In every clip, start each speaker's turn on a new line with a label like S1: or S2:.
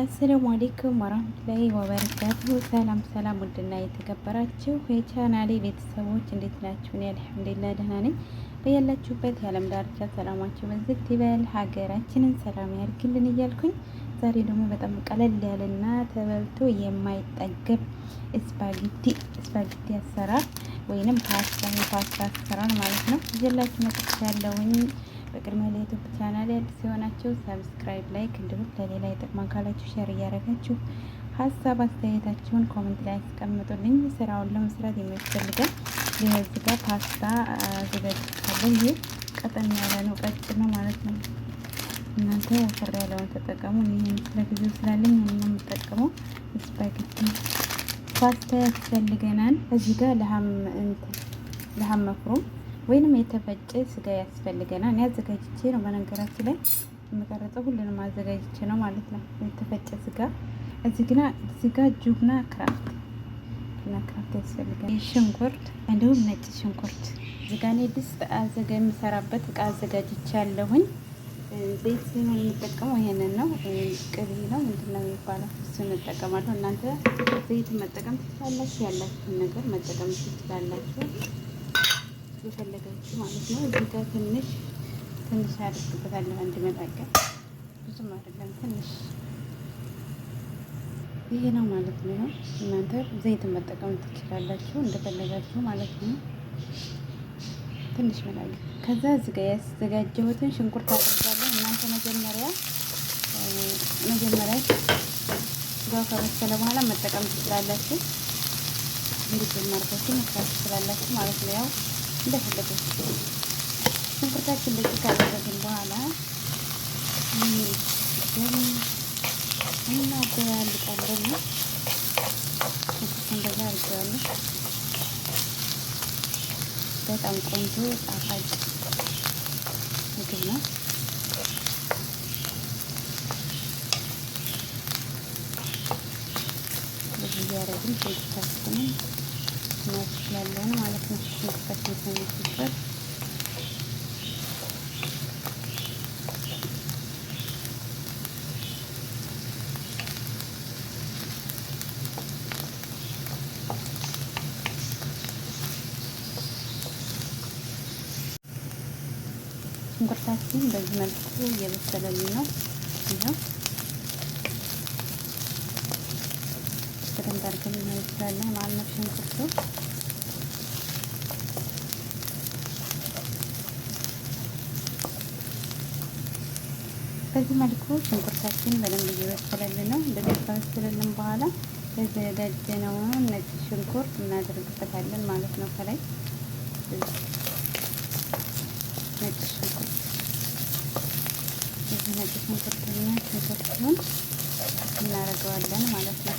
S1: አሰላሙ አሌይኩም ወራህመቱላሂ ወበረካቱሁ። ሰላም ሰላም፣ ውድና የተከበራችሁ የቻናሌ ቤተሰቦች እንዴት ናችሁ? እኔ አልሐምዱሊላህ ደህና ነኝ። በያላችሁበት የዓለም ዳርቻ ሰላማችሁ በዝት ይበል፣ ሀገራችንን ሰላም ያርግልን እያልኩኝ ዛሬ ደግሞ በጣም ቀለል ያለና ተበልቶ የማይጠገብ ስፓጌቲ ስፓጌቲ አሰራር ወይንም ፓስታ የፓስታ አሰራር ማለት ነው ይዤላችሁ መጥቻለሁኝ። በቅድሚያ ለዩቱብ ቻናል አዲስ የሆናችሁ ሰብስክራይብ፣ ላይክ እንዲሁም ለሌላ የጥቅም አካላችሁ ሼር እያደረጋችሁ ሀሳብ አስተያየታችሁን ኮመንት ላይ ያስቀምጡልኝ። ስራውን ለመስራት የሚያስፈልገን የዚህ ጋር ፓስታ አዘጋጅቻለሁ። ይህ ቀጠን ያለ ነው፣ ቀጭን ነው ማለት ነው። እናንተ ያፈራ ያለውን ተጠቀሙ። ይህን ስለጊዜው ስላለኝ ምን የምጠቀመው ስፓጌቲ ፓስታ ያስፈልገናል። እዚህ ጋር ለሀም እንትን ለሀም መፍሩም ወይንም የተፈጨ ስጋ ያስፈልገናል። እኔ አዘጋጅቼ ነው በነገራችን ላይ የምቀረጸው ሁሉንም አዘጋጅቼ ነው ማለት ነው። የተፈጨ ስጋ እዚህ ግና ስጋ ጁግና ክራፍት እና ክራፍት ያስፈልጋል። ሽንኩርት እንዲሁም ነጭ ሽንኩርት እዚህ ጋ እኔ ድስት አዘጋ የምሰራበት እቃ ያለሁኝ ቤት ሲሆን የምጠቀመው ይሄንን ነው። ቅቤ ነው ምንድን ነው የሚባለው? እሱን እጠቀማለሁ። እናንተ ቤት መጠቀም ትችላላችሁ። ያላችሁን ነገር መጠቀም ትችላላችሁ። የፈለጋችሁ ማለት ነው። እዚህ ጋር ትንሽ ትንሽ አድርግበታለሁ እንዲመጣቀል ብዙም አይደለም ትንሽ ይሄ ነው ማለት ነው። እናንተ ዘይትን መጠቀም ትችላላችሁ እንደፈለጋችሁ ማለት ነው። ትንሽ መላግ ከዛ እዚህ ጋር ያዘጋጀሁትን ሽንኩርት አድርጋለሁ። እናንተ መጀመሪያ መጀመሪያ ጋው ከበሰለ በኋላ መጠቀም ትችላላችሁ። ሄድ ማርጋችሁ መስራት ትችላላችሁ ማለት ነው ያው እንደፈለገች ሽንኩርታችን እንደዚህ ካደረግን በኋላ እና እንደዛ በጣም ቆንጆ ጣፋጭ ምግብ ነው። ያስገባበት ሽንኩርታችን በዚህ መልኩ እየበሰለልን ነው። ይኸው በደንብ አድርገን እናበስላለን ማለት ነው ሽንኩርቱ በዚህ መልኩ ሽንኩርታችን በደንብ እየበሰለልን ነው። እንደዚህ ከበሰለልን በኋላ የዘጋጀነውን ነጭ ሽንኩርት እናደርግበታለን ማለት ነው። ከላይ ነጭ ሽንኩርት እዚህ ነጭ ሽንኩርትና ሽንኩርቱን እናደርገዋለን ማለት ነው።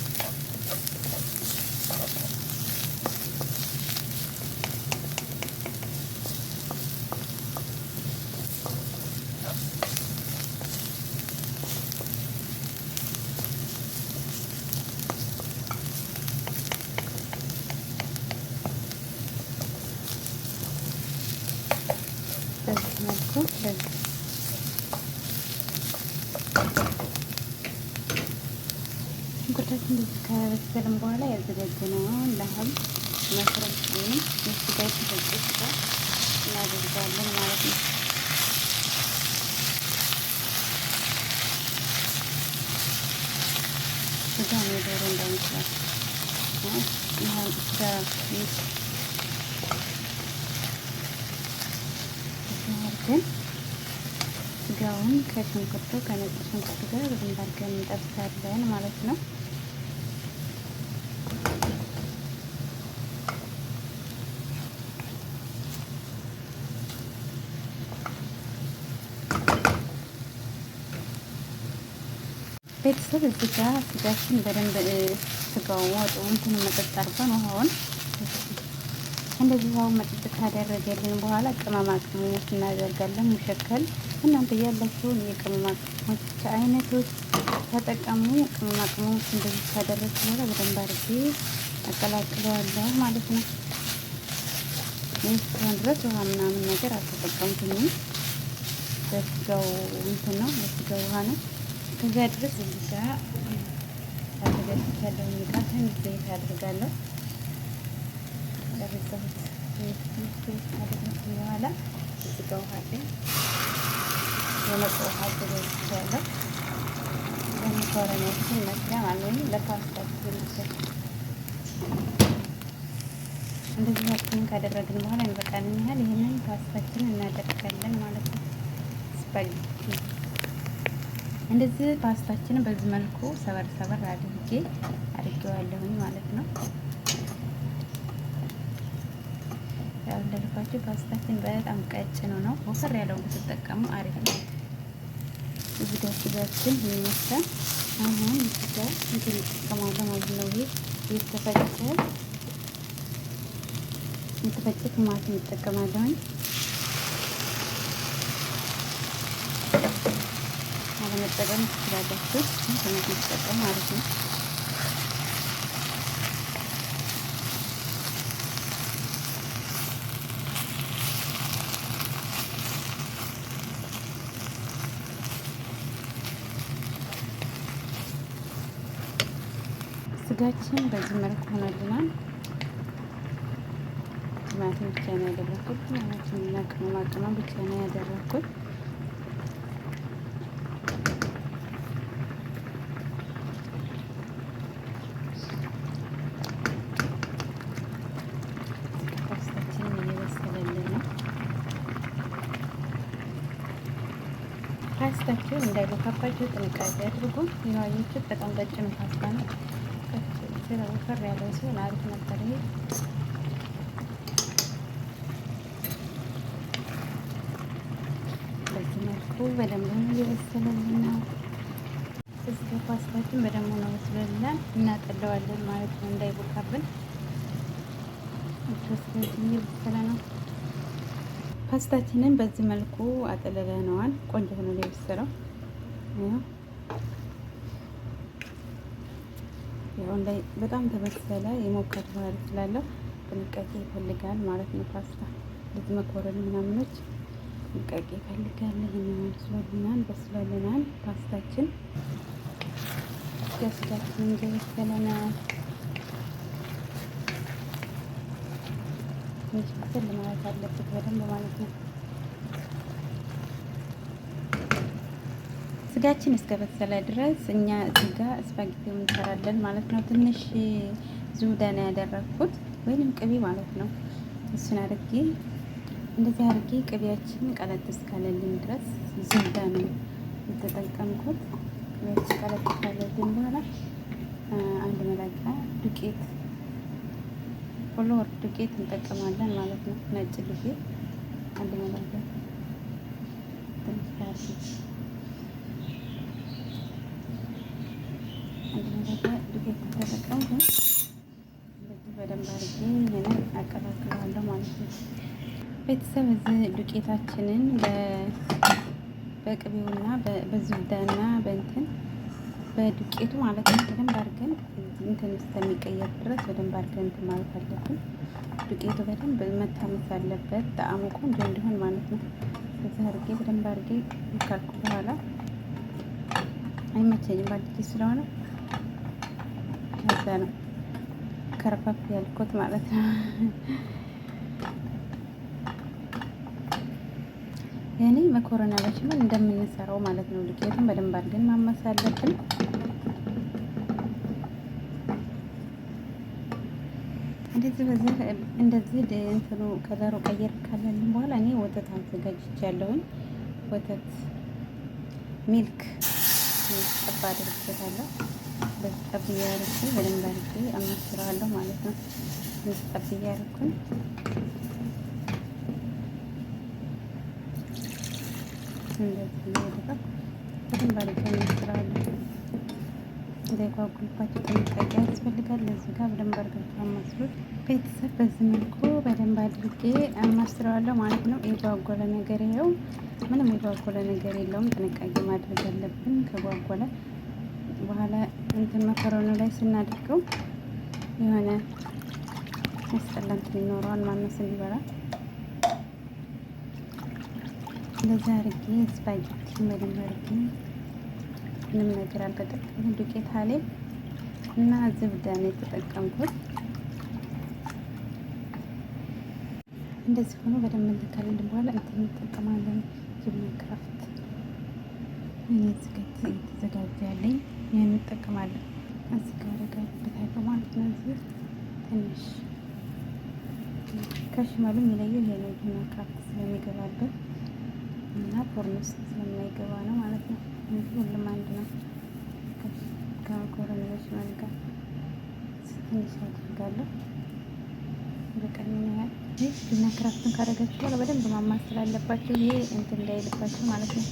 S1: አድርጋችሁ ሽንኩርታችን እንደዚህ ከበሰልን በኋላ ያዘጋጀነውን ላህም መስረት ወይም የስጋ ስጋ እናደርጋለን ማለት ነው። ስጋ ዶሮ እንዳይመስላል ስጋ ስጋችን ስጋውን ከሽንኩርቱ ከነጭ ሽንኩርቱ ጋር በደንብ አድርገን እንጠብሳለን ማለት ነው። ቤተሰብ እዚህ ጋር ስጋችን በደንብ ስጋውን ወጡ እንትን መጠጥ አድርገን ውሃውን እንደዚህ አሁን መጥጥ ካደረገልን በኋላ ቅመማ ቅመሞች እናደርጋለን። መሸከል እናንተ ያላችሁን የቅመማ ቅመሞች አይነቶች ተጠቀሙ። ቅመማ ቅመሞች እንደዚህ ካደረግ በኋላ በደንብ አድርጌ አቀላቅለዋለሁ ማለት ነው። ይህ ድረስ ውሃ ምናምን ነገር አልተጠቀምኩኝም። በስጋው እንትን ነው፣ በስጋው ውሃ ነው። ከዚያ ድረስ እዚህ ጋ አዘጋጅቻለሁ። ሚቃ ትንሽ ዘይት አድርጋለሁ የጨረሰሁት ማለት በኋላ እዚህ ጋ ውሃ አለኝ። የመጣ ውሃ አዘጋጅቻለሁ። ለመኮረኒዎቹ መስሪያ ማለት ወይም ለፓስታ ይመስላል። እንደዚህ ወጡን ካደረግን በኋላ ይበቃልን ያህል ይህንን ፓስታችንን እናደርጋለን ማለት ነው። ስፓጌቲ እንደዚህ ፓስታችንን በዚህ መልኩ ሰበር ሰበር አድርጌ አድርጌዋለሁኝ ማለት ነው። ስላልደረሳችሁ ፓስታችን በጣም ቀጭኑ ነው። ወፈር ያለውን ብትጠቀሙ አሪፍ ነው። እዚህ ስጋችን ይመስላል። አሁን እዚህ ጋር እንትን ቅመማ ነው። ይህ የተፈጨ የተፈጨ ቲማቲም እንጠቀማለን። አለመጠቀም ትችላላችሁ። ቲማቲም ተጠቀሙ አሪፍ ነው። ስጋችን በዚህ መልኩ ሆነልናል። ቲማቲም ብቻ ነው ያደረኩት። ቲማቲም እና ቅመማ ቅመም ብቻ ነው ያደረኩት። ፓስታችሁ እንዳይቦካባችሁ ጥንቃቄ አድርጉ። ይህ በጣም ቀጭን ፓስታ ነው። ስለ ወፈር ያለው ሲሆን አሪፍ ነበር ይሄ በዚህ መልኩ በደንብ ነው እየበሰለልና እስከ ፓስታችን በደንብ ነው በስለልና እናጠለዋለን ማለት ነው እንዳይቦካብን እስከዚህ እየበሰለ ነው ፓስታችንን በዚህ መልኩ አጠለለነዋል ቆንጆ ሆኖ ነው የበሰለው ያሁን ላይ በጣም ተበሰለ የሞከት ባህል ስላለው ጥንቃቄ ይፈልጋል ማለት ነው። ፓስታ ልጅ መኮረን ምናምኖች ጥንቃቄ ይፈልጋል። ይህንን መስሎልናል፣ በስሎልናል። ፓስታችን ገስታችን እንደበሰለናል። ትንሽ በስል ማለት አለበት በደንብ ማለት ነው። ስጋችን እስከ በሰለ ድረስ እኛ ስጋ ስፓጌቲ እንሰራለን ማለት ነው። ትንሽ ዙዳና ያደረግኩት ወይንም ቅቤ ማለት ነው። እሱን አድርጌ እንደዚህ አድርጌ ቅቤያችን ቀለጥ እስካለልን ድረስ ዙዳና የተጠቀምኩት ቅቤያችን ቀለጥ እስካለልን በኋላ አንድ መላቂያ ዱቄት ፍሎር ዱቄት እንጠቀማለን ማለት ነው። ነጭ ዱቄት አንድ መላቂያ ትንሽ ዱቄት ተደረቀ ግን እንደዚህ በደንብ አድርጌ ይህንን አቀላቅለዋለሁ ማለት ነው። ቤተሰብ እዚህ ዱቄታችንን በቅቤውና በዝብዳና በእንትን በዱቄቱ ማለት ነው በደንብ አድርገን እንትን እስከሚቀየር ድረስ በደንብ አድርገን እንትን ማለት አለብን። ዱቄቱ በደንብ መታመስ አለበት ጣዕሙ ቆንጆ እንዲሆን ማለት ነው። በዚህ አድርጌ በደንብ አድርጌ ካልኩ በኋላ አይመቸኝም ባልጌ ስለሆነ ለዛ ነው ከርፈፍ ያልኩት ማለት ነው። እኔ መኮረና በሽመል እንደምንሰራው ማለት ነው። ዱቄቱን በደንብ አድርገን ማማስ አለብን። እንደዚህ በዚህ እንደዚህ እንትኑ ከለሩ ቀየር ካለልን በኋላ እኔ ወተት አዘጋጅቻለሁኝ። ወተት ሚልክ ሚልክ ጠባ አድርግበታለሁ በጠብያ ያረኩኝ በደንብ አድርጌ አማስለዋለሁ ማለት ነው። ጠብያ ያረኩኝ እንደዚህ እያደረኩ በደንብ አድርጌ አማስለዋለሁ። እንዳይጓጉልባቸው ጥንቃቄ ያስፈልጋል። ለዚህ ጋር በደንብ አድርጋችሁ አማስሉት ቤተሰብ። በዚህ መልኩ በደንብ አድርጌ አማስለዋለሁ ማለት ነው። የጓጎለ ነገር ይኸው ምንም የጓጎለ ነገር የለውም። ጥንቃቄ ማድረግ አለብን ከጓጎለ በኋላ እንትን መኮረኒ ላይ ስናደርገው የሆነ መስጠላ እንትን ይኖረዋል። ማነስ እንዲበላ እንደዛ አድርጌ ስፓጌቲ መሪም አድርጌ ምንም ነገር አልተጠቀምኩም። ዱቄት ሀሌብ እና ዝብዳ ነው የተጠቀምኩት። እንደዚህ ሆኖ በደንብ እንተካልልን በኋላ እንትን እንጠቀማለን። ጅብና ክራፍት እኔ የተዘጋጀ ያለኝ ይህን እንጠቀማለን። እዚህ ጋር አደርግበታለሁ ማለት ነው። እዚህ ትንሽ ከሽመሉ የሚለየው ይሄ ነው። ቡና ካፕ ስለሚገባበት እና ፖርን ስለማይገባ ነው ማለት ነው። ሁሉም አንድ ነው። ከኮረን በሽመል ጋር ትንሽ አድርጋለሁ። በቀን ያህል ይህ ቡና ክራፍትን ካደረጋችሁ በኋላ በደንብ ማማት ስላለባቸው ይሄ እንትን እንዳይልባቸው ማለት ነው።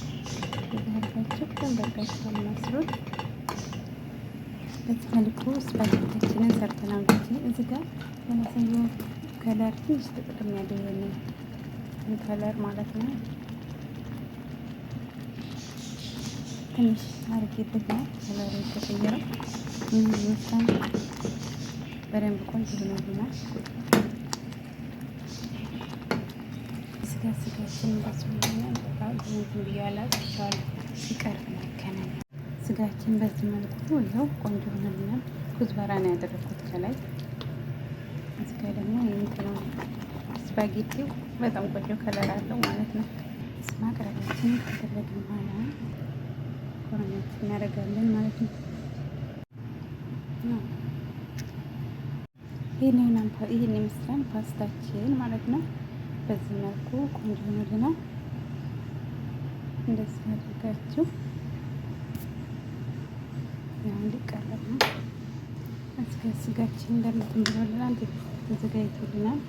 S1: ይዛህልባቸው በደንብ አድርጋችሁ መስሩት በዚህ መልኩ ስፓጌታችንን ሰርተናል። እዚህ ጋር የማሳየው ከለር ትንሽ ጥቅም ያለ ይሄንን ከለር ማለት ነው። ትንሽ አርጌበት ነው ከለሩ የተቀየረው። ይህን በደንብ ቆንጆ ሆኖልናል። ስጋ ስጋችን እንደሱ ሆኛል። በጣም ብዙ ብያላ ሲቀርብ ነው ስጋችን በዚህ መልኩ ይኸው ቆንጆ ሆነልናል። ኩዝበራ ነው ያደረኩት ከላይ እዚጋ ደግሞ የምትለው ስፓጌቲው በጣም ቆንጆ ከለር አለው ማለት ነው። ማቅረቢያችን ከተደረግን በኋላ ኮርነት እናደርጋለን ማለት ነው። ይህን ይመስላል ፓስታችን ማለት ነው። በዚህ መልኩ ቆንጆ ሆኖልናል። እንደዚህ አድርጋችሁ እንዲቀረብ ነው። እስከ ስጋችን እንደምትን ብሎልን አንድ ተዘጋጅቶልናል።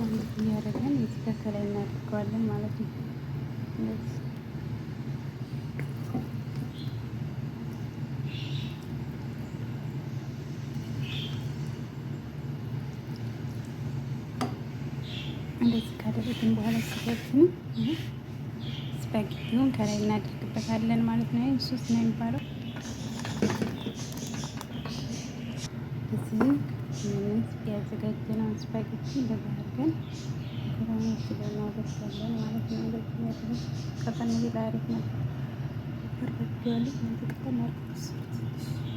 S1: አንድ እያደረገን የስጋ ከላይ እናደርገዋለን ማለት ነው። እንደዚህ ካደረግን በኋላ ስጋችን በግቢውን ከላይ እናደርግበታለን ማለት ነው። ይህ ሶስት ነው የሚባለው። እዚህ ያዘጋጀነውን ስፓጌቲ በባህር ግን ሮች ማለት ነው። እንደዚህ ቀጠን ቢል አሪፍ ነበር። በርበሬ ያሉት ነዚህ ቀጠን አርጎ ስሩት